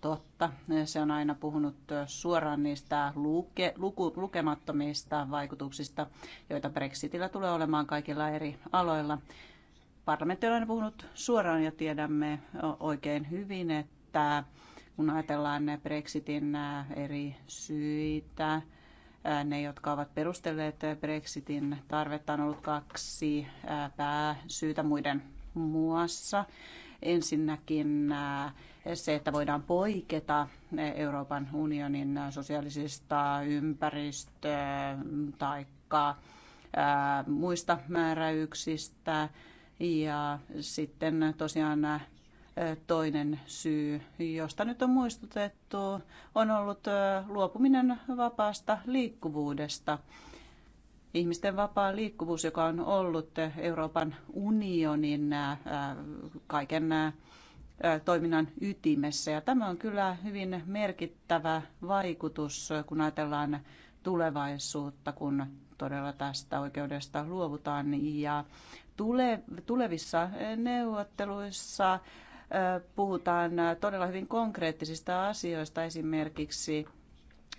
totta. Se on aina puhunut suoraan niistä luke, luku, lukemattomista vaikutuksista, joita Brexitillä tulee olemaan kaikilla eri aloilla. Parlamentti on aina puhunut suoraan ja tiedämme oikein hyvin, että kun ajatellaan Brexitin eri syitä, ne, jotka ovat perustelleet Brexitin tarvetta, on ollut kaksi pääsyytä muiden muassa. Ensinnäkin äh, se, että voidaan poiketa Euroopan unionin äh, sosiaalisista ympäristö- mm, tai äh, muista määräyksistä. Ja sitten tosiaan toinen syy, josta nyt on muistutettu, on ollut luopuminen vapaasta liikkuvuudesta ihmisten vapaa liikkuvuus, joka on ollut Euroopan unionin kaiken toiminnan ytimessä. Ja tämä on kyllä hyvin merkittävä vaikutus, kun ajatellaan tulevaisuutta, kun todella tästä oikeudesta luovutaan. Ja tule, tulevissa neuvotteluissa puhutaan todella hyvin konkreettisista asioista, esimerkiksi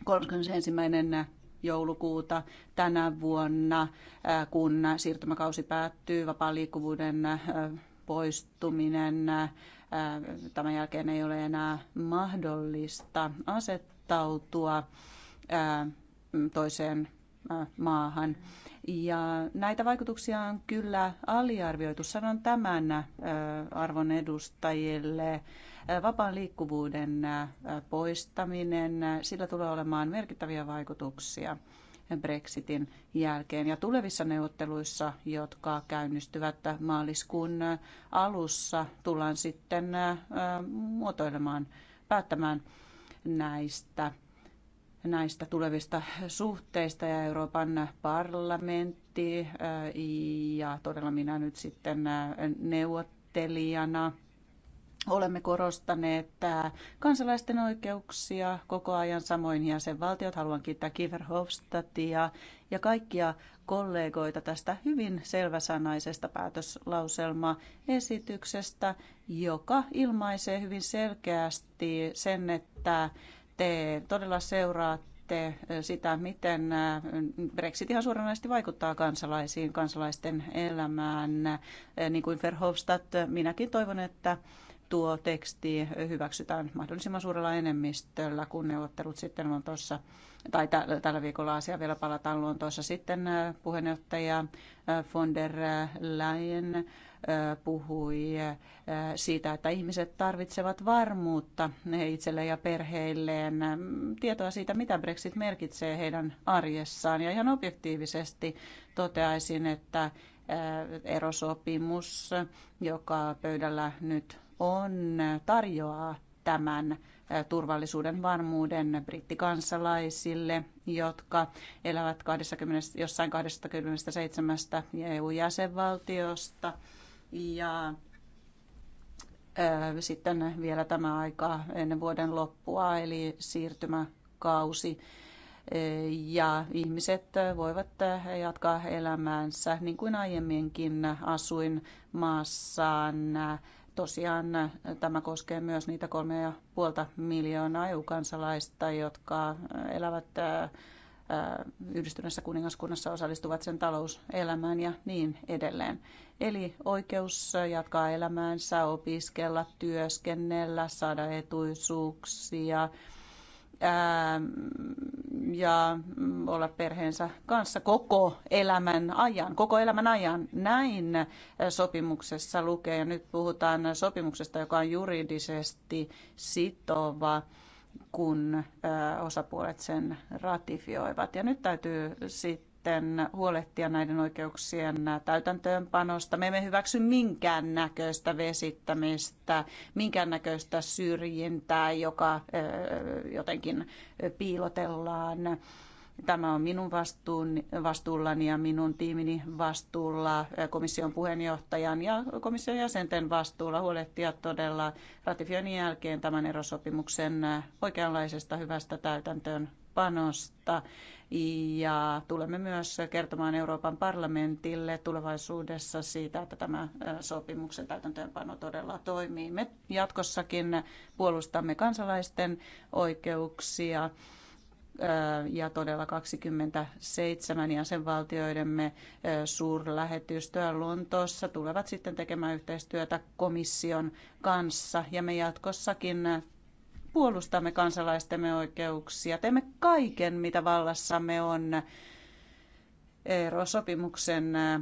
31 joulukuuta tänä vuonna, äh, kun siirtymäkausi päättyy, vapaan liikkuvuuden äh, poistuminen äh, tämän jälkeen ei ole enää mahdollista asettautua toiseen maahan. Ja näitä vaikutuksia on kyllä aliarvioitu. Sanon tämän arvon edustajille Vapaan liikkuvuuden poistaminen, sillä tulee olemaan merkittäviä vaikutuksia Brexitin jälkeen. Ja tulevissa neuvotteluissa, jotka käynnistyvät maaliskuun alussa, tullaan sitten muotoilemaan, päättämään näistä näistä tulevista suhteista ja Euroopan parlamentti ja todella minä nyt sitten neuvottelijana – olemme korostaneet kansalaisten oikeuksia koko ajan samoin jäsenvaltiot. Haluan kiittää Kiefer Hofstadtia ja kaikkia kollegoita tästä hyvin selväsanaisesta päätöslauselmaesityksestä, joka ilmaisee hyvin selkeästi sen, että te todella seuraatte sitä, miten äh, Brexit ihan suoranaisesti vaikuttaa kansalaisiin, kansalaisten elämään. Äh, niin kuin Verhofstadt, minäkin toivon, että tuo teksti hyväksytään mahdollisimman suurella enemmistöllä, kun neuvottelut sitten on tuossa, tai tällä viikolla asia vielä palataan luontoissa Sitten äh, puheenjohtaja äh, von der Leyen äh, puhui siitä, että ihmiset tarvitsevat varmuutta itselle ja perheilleen, ähm, tietoa siitä, mitä Brexit merkitsee heidän arjessaan. Ja ihan objektiivisesti toteaisin, että erosopimus, joka pöydällä nyt on tarjoaa tämän turvallisuuden varmuuden brittikansalaisille, jotka elävät 20, jossain 27 EU-jäsenvaltiosta. Ja sitten vielä tämä aika ennen vuoden loppua, eli siirtymäkausi. E, ja ihmiset voivat jatkaa elämäänsä niin kuin aiemminkin asuinmaassaan maassaan tosiaan äh, tämä koskee myös niitä puolta miljoonaa EU-kansalaista, jotka äh, elävät äh, yhdistyneessä kuningaskunnassa, osallistuvat sen talouselämään ja niin edelleen. Eli oikeus jatkaa elämäänsä, opiskella, työskennellä, saada etuisuuksia – Ähm, ja olla perheensä kanssa koko elämän ajan. Koko elämän ajan näin sopimuksessa lukee. Ja nyt puhutaan sopimuksesta, joka on juridisesti sitova, kun äh, osapuolet sen ratifioivat. Ja nyt täytyy sitten sitten huolehtia näiden oikeuksien täytäntöönpanosta. Me emme hyväksy minkään näköistä vesittämistä, minkään näköistä syrjintää, joka jotenkin piilotellaan. Tämä on minun vastuun, vastuullani ja minun tiimini vastuulla, komission puheenjohtajan ja komission jäsenten vastuulla huolehtia todella ratifioinnin jälkeen tämän erosopimuksen oikeanlaisesta hyvästä täytäntöön panosta. Ja tulemme myös kertomaan Euroopan parlamentille tulevaisuudessa siitä, että tämä sopimuksen täytäntöönpano todella toimii. Me jatkossakin puolustamme kansalaisten oikeuksia ja todella 27 jäsenvaltioidemme suurlähetystöä Lontoossa tulevat sitten tekemään yhteistyötä komission kanssa ja me jatkossakin puolustamme kansalaistemme oikeuksia. Teemme kaiken, mitä vallassamme on erosopimuksen äh,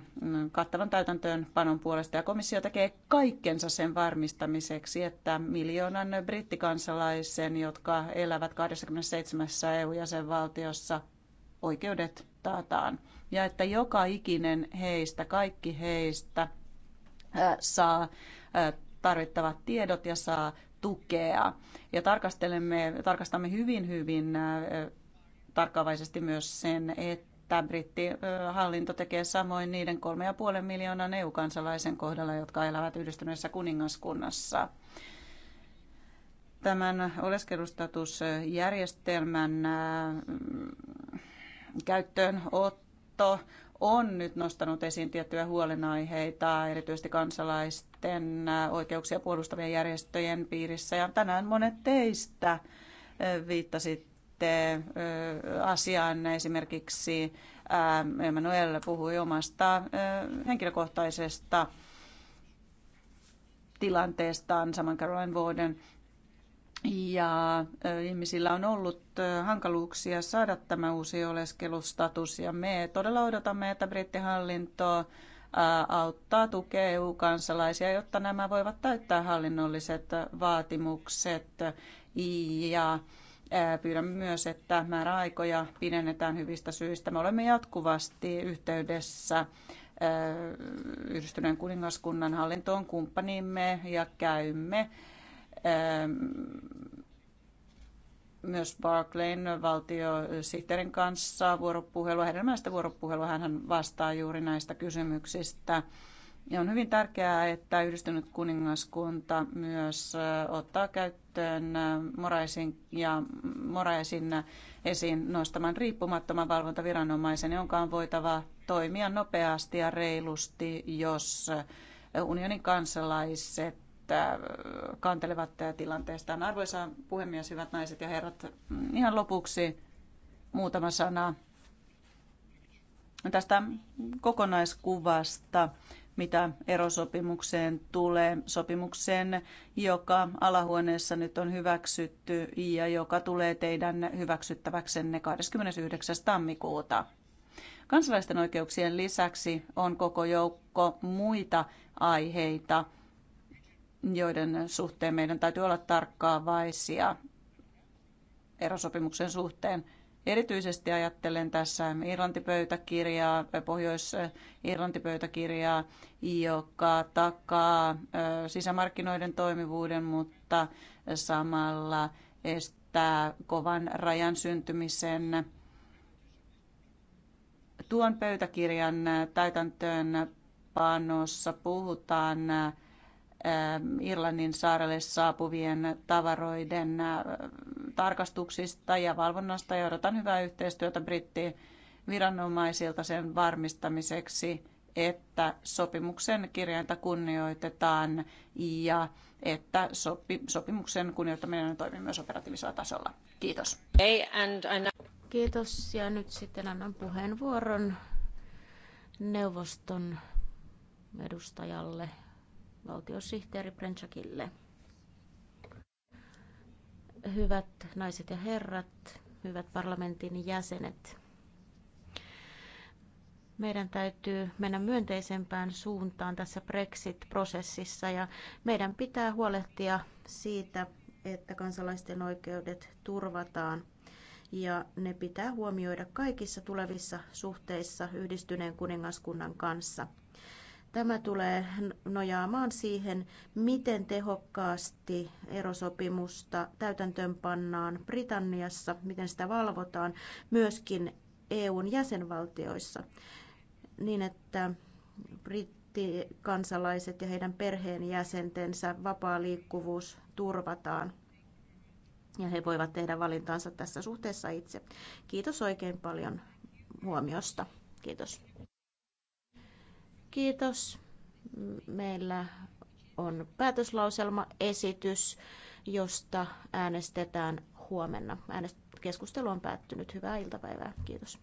kattavan täytäntöönpanon puolesta. Ja komissio tekee kaikkensa sen varmistamiseksi, että miljoonan brittikansalaisen, jotka elävät 27 EU-jäsenvaltiossa, oikeudet taataan. Ja että joka ikinen heistä, kaikki heistä, äh, saa äh, tarvittavat tiedot ja saa tukea. Ja tarkastelemme, tarkastamme hyvin, hyvin äh, tarkkaavaisesti myös sen, että brittihallinto tekee samoin niiden 3,5 miljoonan EU-kansalaisen kohdalla, jotka elävät yhdistyneessä kuningaskunnassa. Tämän oleskelustatusjärjestelmän äh, käyttöönotto on nyt nostanut esiin tiettyjä huolenaiheita, erityisesti kansalaisten äh, oikeuksia puolustavien järjestöjen piirissä. Ja tänään monet teistä äh, viittasitte äh, asiaan esimerkiksi Emmanuel puhui omasta henkilökohtaisesta tilanteestaan saman Caroline Warden ja ihmisillä on ollut hankaluuksia saada tämä uusi oleskelustatus ja me todella odotamme, että brittihallinto auttaa, tukee EU-kansalaisia, jotta nämä voivat täyttää hallinnolliset vaatimukset ja Pyydämme myös, että määräaikoja pidennetään hyvistä syistä. Me olemme jatkuvasti yhteydessä Yhdistyneen kuningaskunnan hallintoon kumppanimme ja käymme Ähm, myös Barclayn valtiosihteerin kanssa vuoropuhelua, hedelmäistä vuoropuhelua. Hän vastaa juuri näistä kysymyksistä. Ja on hyvin tärkeää, että yhdistynyt kuningaskunta myös ottaa käyttöön Moraisin ja Moraisin esiin nostaman riippumattoman valvontaviranomaisen, jonka on voitava toimia nopeasti ja reilusti, jos unionin kansalaiset Äh, kantelevat tilanteestaan. Arvoisa puhemies, hyvät naiset ja herrat, mm, ihan lopuksi muutama sana tästä kokonaiskuvasta, mitä erosopimukseen tulee, sopimukseen, joka alahuoneessa nyt on hyväksytty ja joka tulee teidän hyväksyttäväksenne 29. tammikuuta. Kansalaisten oikeuksien lisäksi on koko joukko muita aiheita, joiden suhteen meidän täytyy olla tarkkaavaisia erosopimuksen suhteen. Erityisesti ajattelen tässä Irlantipöytäkirjaa, Pohjois-Irlantipöytäkirjaa, joka takaa sisämarkkinoiden toimivuuden, mutta samalla estää kovan rajan syntymisen. Tuon pöytäkirjan täytäntöönpanossa puhutaan Äh, Irlannin saarelle saapuvien tavaroiden äh, tarkastuksista ja valvonnasta ja odotan hyvää yhteistyötä brittiin viranomaisilta sen varmistamiseksi, että sopimuksen kirjainta kunnioitetaan ja että sopi, sopimuksen kunnioittaminen toimii myös operatiivisella tasolla. Kiitos. Kiitos ja nyt sitten annan puheenvuoron neuvoston edustajalle valtiosihteeri Prenchakille. Hyvät naiset ja herrat, hyvät parlamentin jäsenet. Meidän täytyy mennä myönteisempään suuntaan tässä Brexit-prosessissa ja meidän pitää huolehtia siitä, että kansalaisten oikeudet turvataan ja ne pitää huomioida kaikissa tulevissa suhteissa yhdistyneen kuningaskunnan kanssa. Tämä tulee nojaamaan siihen, miten tehokkaasti erosopimusta täytäntöönpannaan Britanniassa, miten sitä valvotaan myöskin EUn jäsenvaltioissa, niin että brittikansalaiset ja heidän perheenjäsentensä vapaa liikkuvuus turvataan ja he voivat tehdä valintansa tässä suhteessa itse. Kiitos oikein paljon huomiosta. Kiitos. Kiitos. Meillä on päätöslauselmaesitys, josta äänestetään huomenna. Äänest- keskustelu on päättynyt. Hyvää iltapäivää. Kiitos.